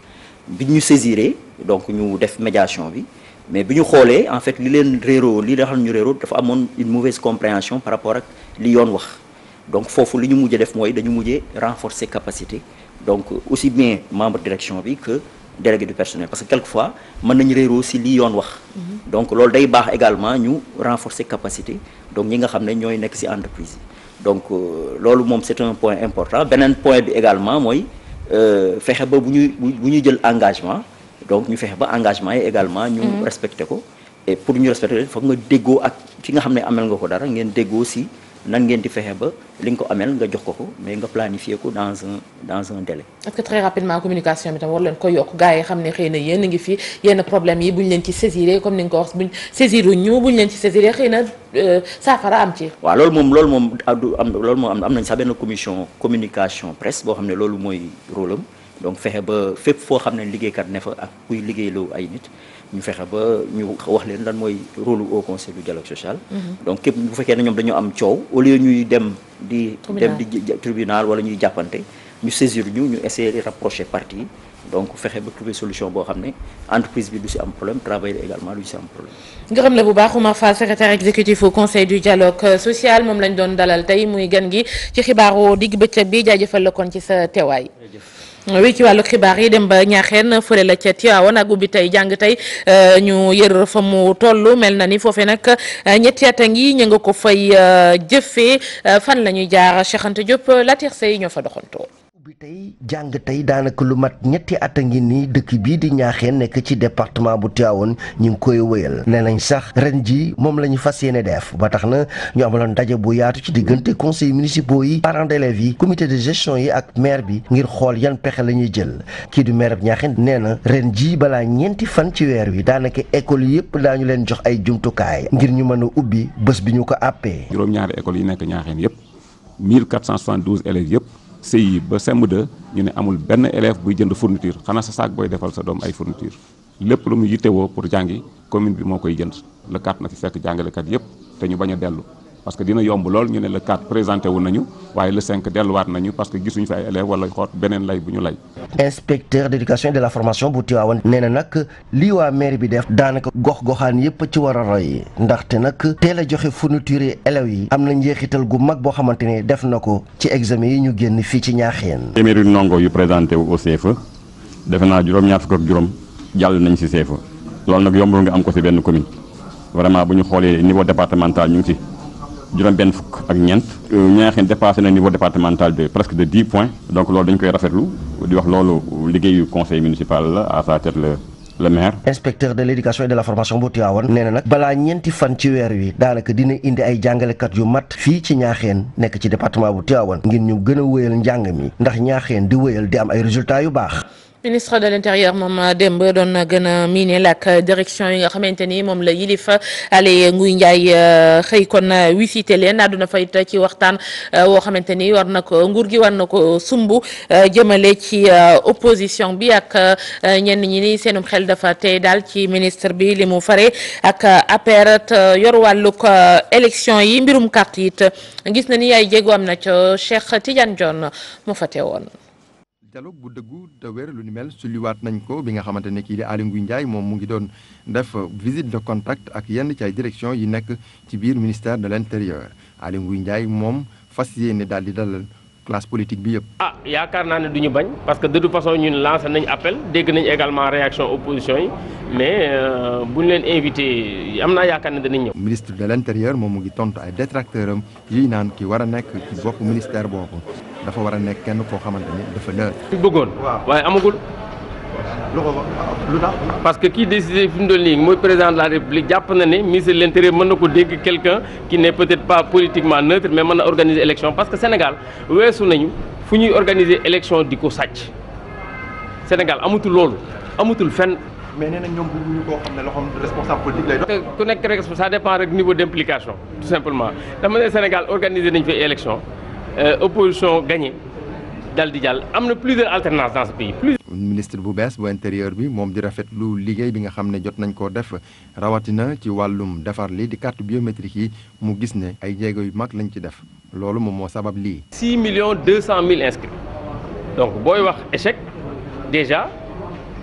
S2: bi ñu saisiree donc ñu def médiation bi mais bi ñu xoolee en fait li leen réeroo li nga xam ñu réeroo dafa amoon une mauvaise compréhension par rapport ak li yoon wax donc foofu li ñu mujjee def mooy dañu mujjee renforcer capacité donc aussi bien membre direction bi que délégué du personnel parce que fois mën nañu réeroo si lii yoon wax. donc loolu day baax également ñu renforcer capacité donc ñi nga xam ne ñooy nekk si entreprise yi donc euh, loolu moom c'est un point important beneen point bi également mooy euh, fexe ba bu ñu bu ñuy jël engagement donc ñu fexe ba engagement yi également. ñu mm-hmm. respecté ko et pour ñu respecter foog nga déggoo ak ki nga xam ne amel nga ko dara ngeen déggoo si. nan ngeen di fexe ba li nga ko amel nga jox ko ko mais nga planifier ko dans un dans un délai.
S1: parce que très rapidement communication bi tam war leen ko yokk gars yi xam ne xëy na yéen a ngi fi yenn problème yi buñ leen ci saisir comme ni nga ko wax buñ saisir ñu buñ leen ci saisir xëy na euh, saafara am ci.
S2: waaw loolu moom loolu moom du am loolu moom am nañ sax benn commission communication presse boo xam ne loolu mooy rôle am donc fexe ba fépp foo xam ne liggéeykat ne fa ak liggéeyloo ay nit. ñu fexe ba ñu wax leen lan mooy rôle au conseil du dialogue social. Mhm. donc képp bu fekkee ne ñoom dañoo am coow au lieu ñuy dem di. dem di tribunal wala ñuy jàppante ñu saisir ñu ñu essayer di rapprocher parti yi donc fexe ba trouver solution boo xam ne entreprise bi du si am problème travail également du si am problème.
S1: gërëm la bu baax Oumar Fall secrétaire exécutif au conseil du dialogue euh, social moom lañ doon dalal tey muy gan gi ci xibaaru digg wi ci wàllu xibaar yi dem ba ñaaxeen fële la ca Tiwaawan ak ubbi tey jàng tey euh, ñu yër fa mu toll mel na ni foofe nag euh, ñettiyaat a ngi ñu nga ko fay euh, jëfee fan la ñuy jaar Cheikh Anta Diop Latir Sey ñoo fa doxantoo. bu
S7: tey jàng tey daanaka lu mat ñetti at a ngi nii dëkk bii di ñaaxeen nekk ci département bu Tivaouane ñu ngi koy wëyal nee nañ sax ren ji moom la ñu fas yéene def ba tax na ñu amaloon daje bu yaatu ci diggante conseil municipaux yi parents d'élèves yi comité de gestion yi ak maire bi ngir xool yan pexe la ñuy jël kii du maire ñaaxeen nee na ren ji balaa ñeenti fan ci weer wi daanaka école yëpp daañu leen jox ay jumtukaay ngir ñu mën a ubbi bés bi ñu ko àppee.
S4: juróom-ñaari école yi nekk ñaaxeen yëpp 1472 élèves yëpp. CI ba CM2 ñu ne amul benn élève buy jënd fourniture xanaa sa saak booy defal sa doom ay fourniture lépp lu mu woo pour jàngi commune bi moo koy jënd lëkkaat na fi fekk jàngalekat yépp te ñu bañ a dellu parce que dina yomb lool ñu ne le 4 présenté wu nañu waaye le 5 delluwaat nañu parce que gisuñu fi ay élèves wala xoot beneen lay bu ñu lay.
S7: inspecteur d' et de la formation bu Tivaouane nee na nag lii waa maire bi def daanaka gox-goxaan yëpp ci war a roy ndaxte nag teel a joxe fourniture élèves yi am na njeexital gu mag boo xamante ne def na ko ci examen yi ñu génn fii ci Ñaaxeen.
S4: téeméeri ndongo yu présenté
S10: wu au CFEE defe naa juróom ñaa fukk juróom jàll nañ si CFEE loolu nag yombul nga am ko si benn commune vraiment bu ñu xoolee niveau départemental ñu ngi si. juróom-benn fukk ak ñeent ñi nga xam ne dépassé na niveau départemental de presque de 10 points donc loolu dañ koy rafetlu di wax loolu liggéeyu conseil municipal la à sa tête la maire.
S7: inspecteur de l' éducation et de la formation bu Tivaouane nee na nag balaa ñeenti fan ci weer wi daanaka dina indi ay jàngalekat yu mat fii ci ñaaxeen nekk ci département bu Tivaouane ngir ñu gën a wéyal njàng mi ndax ñaaxeen di wéyal di am ay résultat yu baax.
S1: ministre de l' intérieur moom euh, démb doon na gën a miineel ak direction yi nga xamante ni moom la yilifa Aly nguy Ndiaye euh, xëy kon euh, wisite leen àdduna fay it ci waxtaan woo xamante ni war na ko nguur gi war na ko sumb jëmale ci opposition bi ak ñenn ñi ni seenum xel dafa tey daal ci ministre bi li mu fare ak APR yor wàllug élection yi mbirum carte it gis na ni ay jéego am na ca Cheikh Tidiane Dione moo fa woon
S11: dialogue bu dëggu te wér lu ni mel sulliwaat nañ ko bi nga xamante ne kii di Aly Ngouille Ndiaye moom mu ngi doon def visite de contact ak yenn ci direction yi nekk ci biir ministère de l' intérieur Aly Ngouille Ndiaye moom fas yéene daal di dalal classe politique bi yëpp.
S10: ah yaakaar naa ne du bañ parce que de toute façon ñun lancé nañ appel dégg nañ également réaction opposition yi mais euh, bu ñu leen invité am naa yaakaar ne danañ
S11: ñëw. ministre de l' moom mu ngi tontu ay détracteur am yi naan ki war a nekk ci bopp ministère boobu dafa war a nekk kenn koo xamante ni dafa leer. bëggoon waaye amagul. lu ko lu
S10: parce que kii décidé fi mu toll nii mooy président de la république jàpp na ne ministre de l' na ko dégg quelqu'un qui n' est peut être pas politiquement neutre mais mën na organiser élection parce que Sénégal weesu nañu fu ñuy organiser élection di ko sàcc Sénégal amatul loolu amatul fen
S11: mais nee na ñoom bëgguñu koo xam ne loo xam
S10: responsable politique lay doon. ku nekk rek ça dépend rek niveau d' implication tout simplement dama Sénégal organiser nañu fi euh, dal di jàll am na plusieurs alternances dans pays.
S11: ministre bu bees bu intérieur bi moom di rafet lu liggéey bi nga xam ne jot nañ koo def rawatina ci wàllum defar li di carte biométrique yi mu gis ne ay jéego yu mag lañ ci def loolu moom moo sabab lii.
S10: 6 millions 200 mille inscrits donc booy wax échec déjà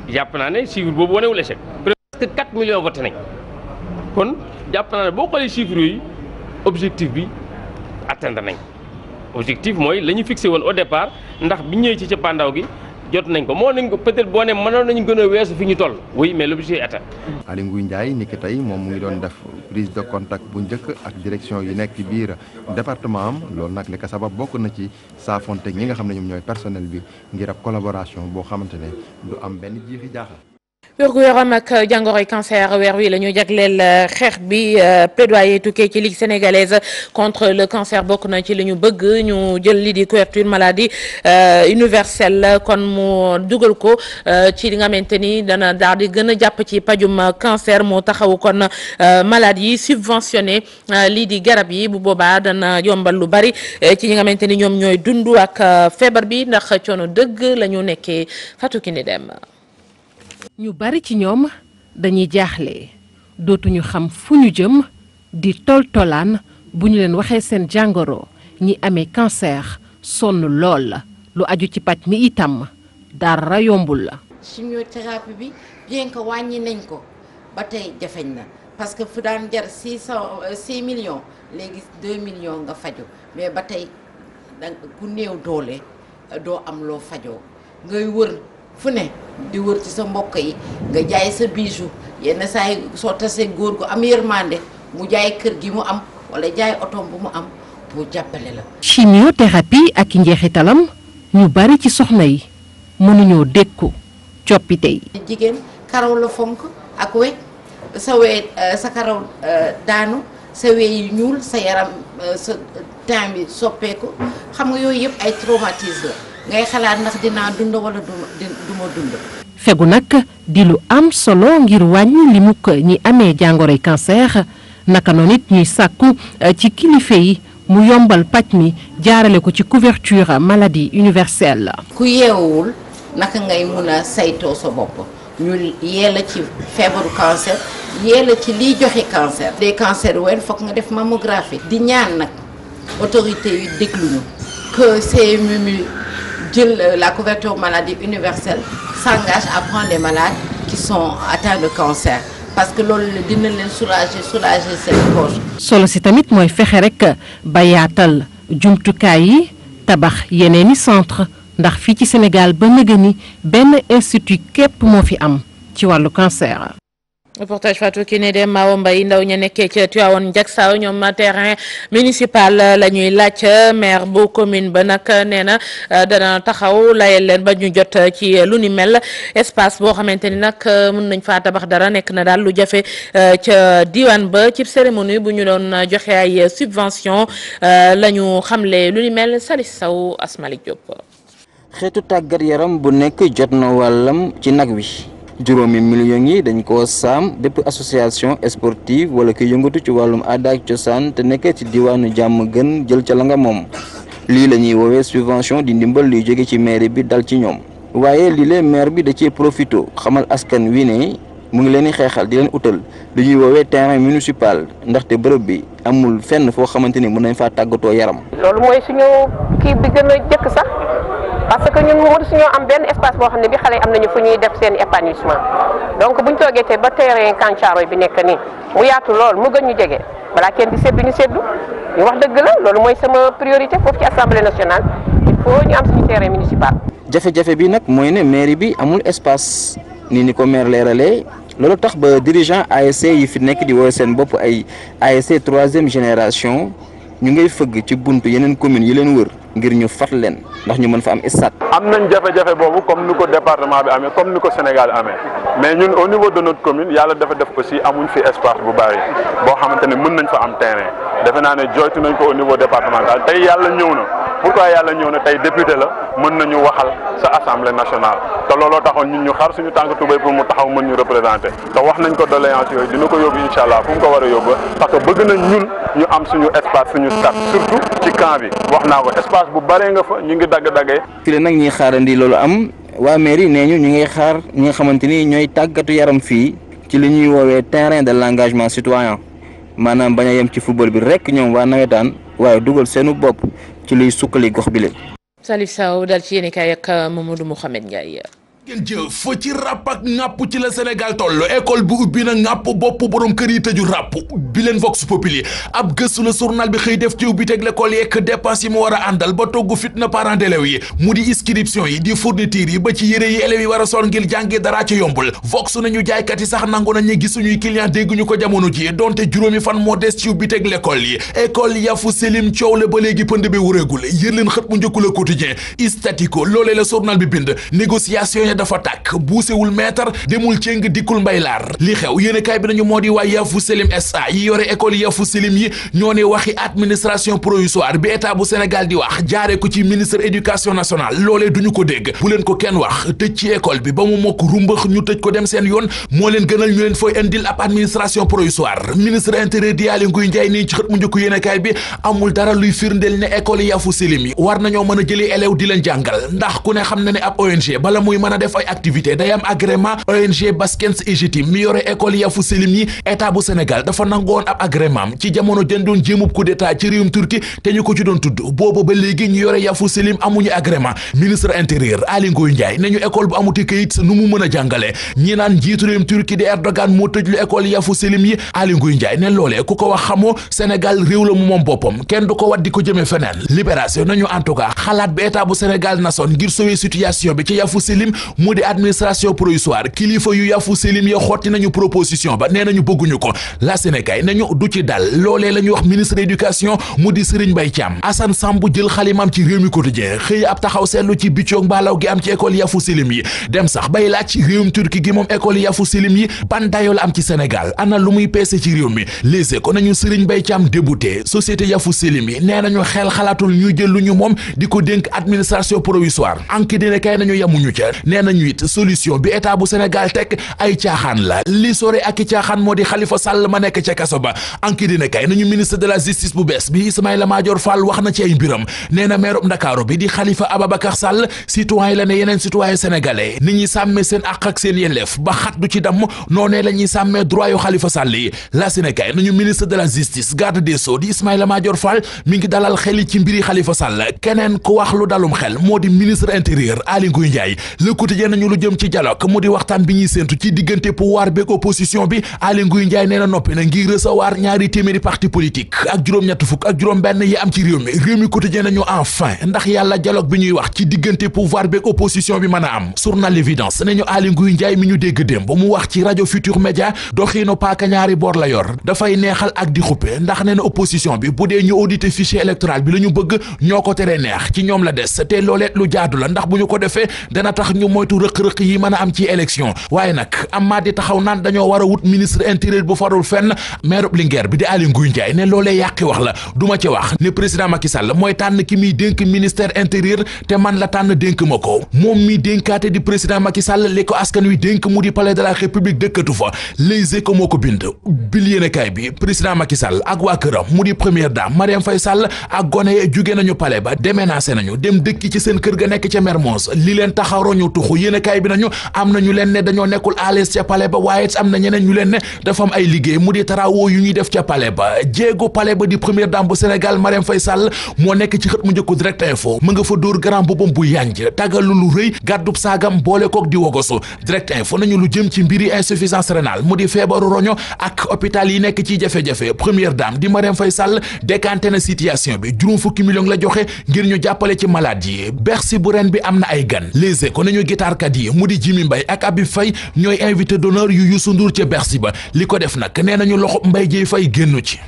S10: jàpp naa ne chiffre boobu wanewul échec. presque 4 millions nañ kon jàpp naa ne boo xoolee chiffres yi objectif bi atteindre nañ. objectif mooy la ñu fixé woon au départ ndax bi ñëwee ci ca pandaw gi jot nañ ko moo nañ ko peut-être boo ne mënoon nañu gën a weesu fi ñu toll oui mais l'objectif est atteint.
S11: Aly Ngouille Ndiaye ni ki tey moom mu ngi doon def prise de contact bu njëkk ak direction yu nekk ci biir département am loolu nag li ko sabab bokk na ci saafonte ñi nga xam ne ñoom ñooy personnel bi ngir ab collaboration boo xamante ne du am benn jiixi jaaxal.
S1: wérgu yaram ak euh, jàngoroy cancer weer wii la jagleel euh, xeex bi euh, plaidoyer tukkee ci ligue sénégalaise contre le cancer bokk na ci li ñu bëgg ñu jël lii di couverture maladie universelle kon mu dugal ko ci li nga xamante ni dana daal di gën a jàpp ci pajum cancer moo taxaw kon malade yi subventionné lii di garab yi bu boobaa dana jombal lu bari ci ñi nga xamante ni ñoom ñooy dund ak feebar bi ndax coono dëgg la ñu nekkee Fatou Kine Dem
S8: ñu bari ci ñoom dañuy jaaxle dootuñu xam fu ñu jëm di toltolaan bu ñu leen waxee seen jàngoro ñi amee cancer sonn lool la lu aju ci paj mi itam dara yombul la.
S12: chimiothérapie bi bien wàññi nañ ko ba tey jafeñ na parce que fu daan jar six cent euh, six léegi deux millions nga faju mais ba tey ku néew doole doo am loo fajoo ngay wër. fu ne di wër ci sa mbokk yi nga jaay sa bijou yenn saa yi soo tasee góor gu am yërmande mu jaay kër gi mu am wala jaay otoom bu mu am pour jàppale la.
S8: chimiothérapie ak njeexitalam ñu bari ci soxna yi mënuñoo dékku coppite yi.
S12: jigéen karaw la fonk ak we sa euh, karaw euh, daanu sa we yu ñuul sa yaram euh, sa temps bi soppeeku xam nga yooyu yëpp ay traumatisme ngay xalaat ndax dinaa dund wala du ma dund.
S8: fegu nag di lu am solo ngir wàññ li mukk ñi amee jàngoroy cancer naka noonu it ñuy sàkku eh, ci kilifa yi mu yombal paj mi jaarale ko ci couverture maladie universelle.
S12: ku yeewul naka ngay mun a saytoo sa bopp ñu yee la ci feebaru cancer yee la ci liy joxe cancer. des cancer wel foog nga def mammographie. di ñaan nag autorité yu dégluñu que CMU. jël euh, la couverture maladie universelle s'engage à prendre les malades qui sont atteints de cancer parce que loolu dina leen
S8: solo si tamit mooy fexe rek bayaatal yaatal jumtukaay yi tabax yeneeni centre ndax fii ci Sénégal ba nëgë benn institut képp moo fi am ci wàllu cancer.
S1: reportage Fatou Kiné Deme Mawo Mbaye ndaw ña nekkee ca Tivaouane Ndiacksao ñoom terrain municipal la ñuy laaj maire bu commune ba nag nee na euh, dana taxaw layal leen ba ñu jot ci lu ni mel espace boo xamante ni nag euh, mën nañ faa tabax dara nekk na daal lu jafe euh, ca diwaan ba ci cérémonie bu ñu doon joxe ay subvention la ñu xamle lu ni mel Salis Sow Asmalik Diop.
S13: xeetu tàggat yaram bu nekk jot na wàllam ci nag wi. juróomi millions yi dañ koo saam bépp association sportive wala ki yëngatu ci wàllum aada ak cosaan te nekk ci diwaanu jàmm gën jël ca la nga moom lii la ñuy woowee subvention di ndimbal luy jóge ci maire bi dal ci ñoom waaye lii leen maire bi da cee profito xamal askan wi ne mu ngi leen di xeexal di leen utal lu ñuy woowee terrain municipal ndaxte bërëb bi amul fenn foo xamante ni mën nañ faa tàggatoo yaram.
S1: loolu mooy suñu kii bi gën jëkk sax. parce que ñun mënu suñoo am benn espace boo xam ne bi xale yi am nañu fu ñuy def seen épanouissement donc buñ toogee te ba terrain Kancaaro bi nekk nii mu yaatu lool mu gën ñu jege balaa kenn di seddu ñu seddu ñu wax dëgg la loolu mooy sama priorité foofu ci assemblée nationale il ñu am suñu terrain municipal.
S13: jafe-jafe bi nag mooy ne mairie bi amul espace ni ni ko maire leeralee loolu tax ba dirigeant ASC yi fi nekk di woowee seen bopp ay ASC troisième génération ñu ngay fëgg ci buntu yeneen communes yi leen wër. ngir ñu fat leen ndax ñu mën fa am stade.
S14: am nañ jafe-jafe boobu comme ni ko département bi amee comme ni ko Sénégal amee mais ñun au niveau de notre commune yàlla dafa def aussi amuñ fi espace bu bari boo xamante ne mën nañ fa am terrain defe naa ne joytu nañ ko au niveau départemental tey yàlla ñëw na. pourquoi yàlla ñëw na tey député la mën nañu waxal sa assemblée nationale
S5: te looloo taxoon ñun ñu xar suñu tànk tubéy pour mu taxaw mën ñu représenté te wax nañ ko doléance yooyu dina ko yóbbu incha allah fu mu ko war a yóbbu parce que bëgg nañ ñun ñu am suñu espace suñu stade surtout ci camp bi wax naa ko espace bu bëree nga fa ñu ngi dagg-daggee.
S13: fii la nag ñuy di loolu am waa mairie nee ñu ñu ngi xaar ñu nga xamante ni ñooy tàggatu yaram fii ci li ñuy woowee terrain de l'engagement citoyen maanaam bañ a yem ci football bi rek ñoom waa nawetaan waaye dugal seenu bopp ci luy sukkali gox bi bile.
S1: Salif Sow daal ci yéen kaay ak Mamadou Mouhamed Ndiaye.
S14: ngeen jëf ci ràpp ak ŋàpp ci la Sénégal toll école bu ubbi na ŋàpp bopp borom kër yi tëju ràpp bi leen vox populi ab gëstu la journal bi xëy def ci ubbi teg l'école yeeg dépense yi mu war a àndal ba togg fitna parents d'élèves yi mu di inscription yi di fourniture yi ba ci yére yi élèves yi war a sol ngir jàngi dara ci yombul vox nañu jaaykat yi sax nangu nañu gis suñuy client dégguñu ko jamono ji donte juróomi fan moo des ci ubbi teg l'école yi école yafu selim ba léegi pënd bi wuréegul yër leen xët dafa tàkk buusewul maître demul céng dikkul mbay laar li xew yéen kaay bi nañu moo di waay Yafu Selim SA yi yore école Yafu Selim yi ñoo ne waxi administration provisoire bi état bu Sénégal di wax jaare ko ci ministre éducation nationale loolee duñu ko dégg bu leen ko kenn wax tëj ci école bi ba mu mokk rumbax ñu tëj ko dem seen yoon moo leen gënal ñu leen foo indil ab administration provisoire ministre intérieur di Aly Ngouille Ndiaye nii ci xët mu njëkk kaay bi amul dara luy firndeel ne école Yafu Selim yi war nañoo mën a jëli élève di leen jàngal ndax ku ne xam na ne ab ONG bala muy def ay activité day am agrément ONG Baskens Égypte mi yore école Yafou Selim yi état bu Sénégal dafa nangoon ab agrément ci jamono jën doon jéemub coup d'état ci réewum Turquie te ñu ko ci doon tudd boobu ba léegi ñu yore Yafou Selim amuñu agrément ministre intérieur Aly Ngouille Ndiaye ne ñu école bu amuti kayit nu mu mën a jàngale ñi naan njiitu réewum Turquie di Erdogan moo tëj lu école Yafou Selim yi Aly Ngouille Ndiaye ne loolee ku ko wax xamoo Sénégal réew la moom boppam kenn du ko wat di ko jëmee feneen libération nañu en tout cas xalaat bi Sénégal nasoon ngir sauver situation bi ci Yafou Selim mu di administration provisoire kilifa yu yàfu selim ya xotti nañu proposition ba nee nañu bëgguñu ko la Sénégal nañu du ci dal loolee la ñu wax ministre éducation mu di Serigne Mbaye Thiam Assane Samb jël xalimam ci réew mi quotidien xëy ab taxaw seetlu ci biccoog mbaalaw gi am ci école yàfu selim yi dem sax bay laaj ci réewum turki gi moom école yàfu selim yi ban dayoo la am ci Sénégal ana lu muy peese ci réew mi les ko nañu Serigne Mbaye Thiam débuté société yàfu selim yi nee nañu xel xalaatul ñu jël ñu moom di ko dénk administration provisoire anki dina kay nañu yamuñu ca nee nañu it solution bi état bu Sénégal teg ay caaxaan la li sore ak caaxaan moo di xalifa Sall ma nekk ca kaso ba anki dina kay nañu ministre de la justice bu bees bi Ismaïla Madior Fall wax na ci ay mbiram nee na meeru Ndakaaru bi di Khalifa Ababacar Sall citoyen la ne yeneen citoyen sénégalais nit ñi sàmmee seen àq ak seen yelleef ba xat du ci damm noonee la ñuy sàmmee droit yu Khalifa Sall yi la Sénégal nañu ministre de la justice garde des sceaux di Ismaïla Madior Fall mi ngi dalal keneen ku wax lu dalum xel moo di ministre intérieur Aly Ngouille Ndiaye Quotidien nañu lu jëm ci dialogue mu di waxtaan bi ñuy séentu ci diggante pouvoir beeg opposition bi Aly Ngouille Ndiaye nee na noppi na ngir recevoir ñaari téeméeri parti politique ak juróom-ñett fukk ak juróom-benn yi am ci réew mi réew mi Quotidien nañu enfin ndax yàlla dialogue bi ñuy wax ci diggante pouvoir beeg opposition bi mën a am journal L'Évidence nañu Aly Ngouille Ndiaye mi ñu dégg démb ba mu wax ci rajo Futur Média doxiinu paaka ñaari boor la yor dafay neexal ak di xuppe nee na opposition bi bu dee ñu audité fichier électoral bi la ñu bëgg ñoo ko tere neex ci ñoom la des te looleet lu jaadu la ndax bu ñu ko defee moytu rëq-rëq yi mën a am ci élection waaye nag am maa di taxaw naan dañoo war a wut ministre intérieur bu farul fenn maire Linguère bi di Aly Ngouille Ndiaye ne loolee yàqi wax la du ma ci wax ne président Macky Sall mooy tànn ki muy dénk ministère intérieur te man la tànn dénk ma ko moom mi dénkaate di président Macky Sall li ko askan wi dénk mu di palais de la république dëkkatu fa Les Échos moo ko bind bil yéenekaay bi président Macky Sall ak waa këram mu di première dame Marième Faye Sall ak gone yee jóge nañu palais ba déménagé nañu dem dëkki ci seen yuuxu yéenekaay bi nañu am na ñu leen ne dañoo nekkul à l'aise ca palais ba waaye am na ñeneen ñu leen ne dafa am ay liggéey mu di travaux yu ñuy def ca palais ba jéego palais ba di première dame bu Sénégal Marième fay Sall moo nekk ci xët mu njëkku direct info mu nga fa dóor grand boubam bu yanj tàggalu lu rëy gàddub saagam boole kook di wogosu direct info nañu lu jëm ci mbiri insuffisance rénale mu di feebaru roño ak hôpital yi nekk ci jafe-jafe première dame di Marième Faye Sall décanté na situation bi juróom fukki million la joxe ngir ñu jàppale ci malade yi bersi bu ren bi am na ay gan guitaarkat yi mu di Jimi Mbaye ak Habib Faye ñooy invité d'honneur yu Youssou Ndour ca Bercy ba li ko def nag nee nañu loxo Mbaye Dièye Faye génnu ci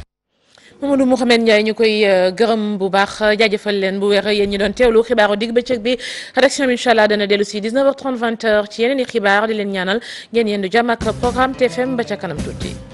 S1: Mamadou Mouhamed Ndiaye ñu koy euh, gërëm bu baax jaajëfal leen bu weer yéen ñi doon teewlu xibaaru digg bëccëg bi rédaction bi incha allah dana dellu si 19h30 20h ci yeneen i xibaar di leen ñaanal ngeen yendu jàmm ak programme TFM ba ca kanam tuuti.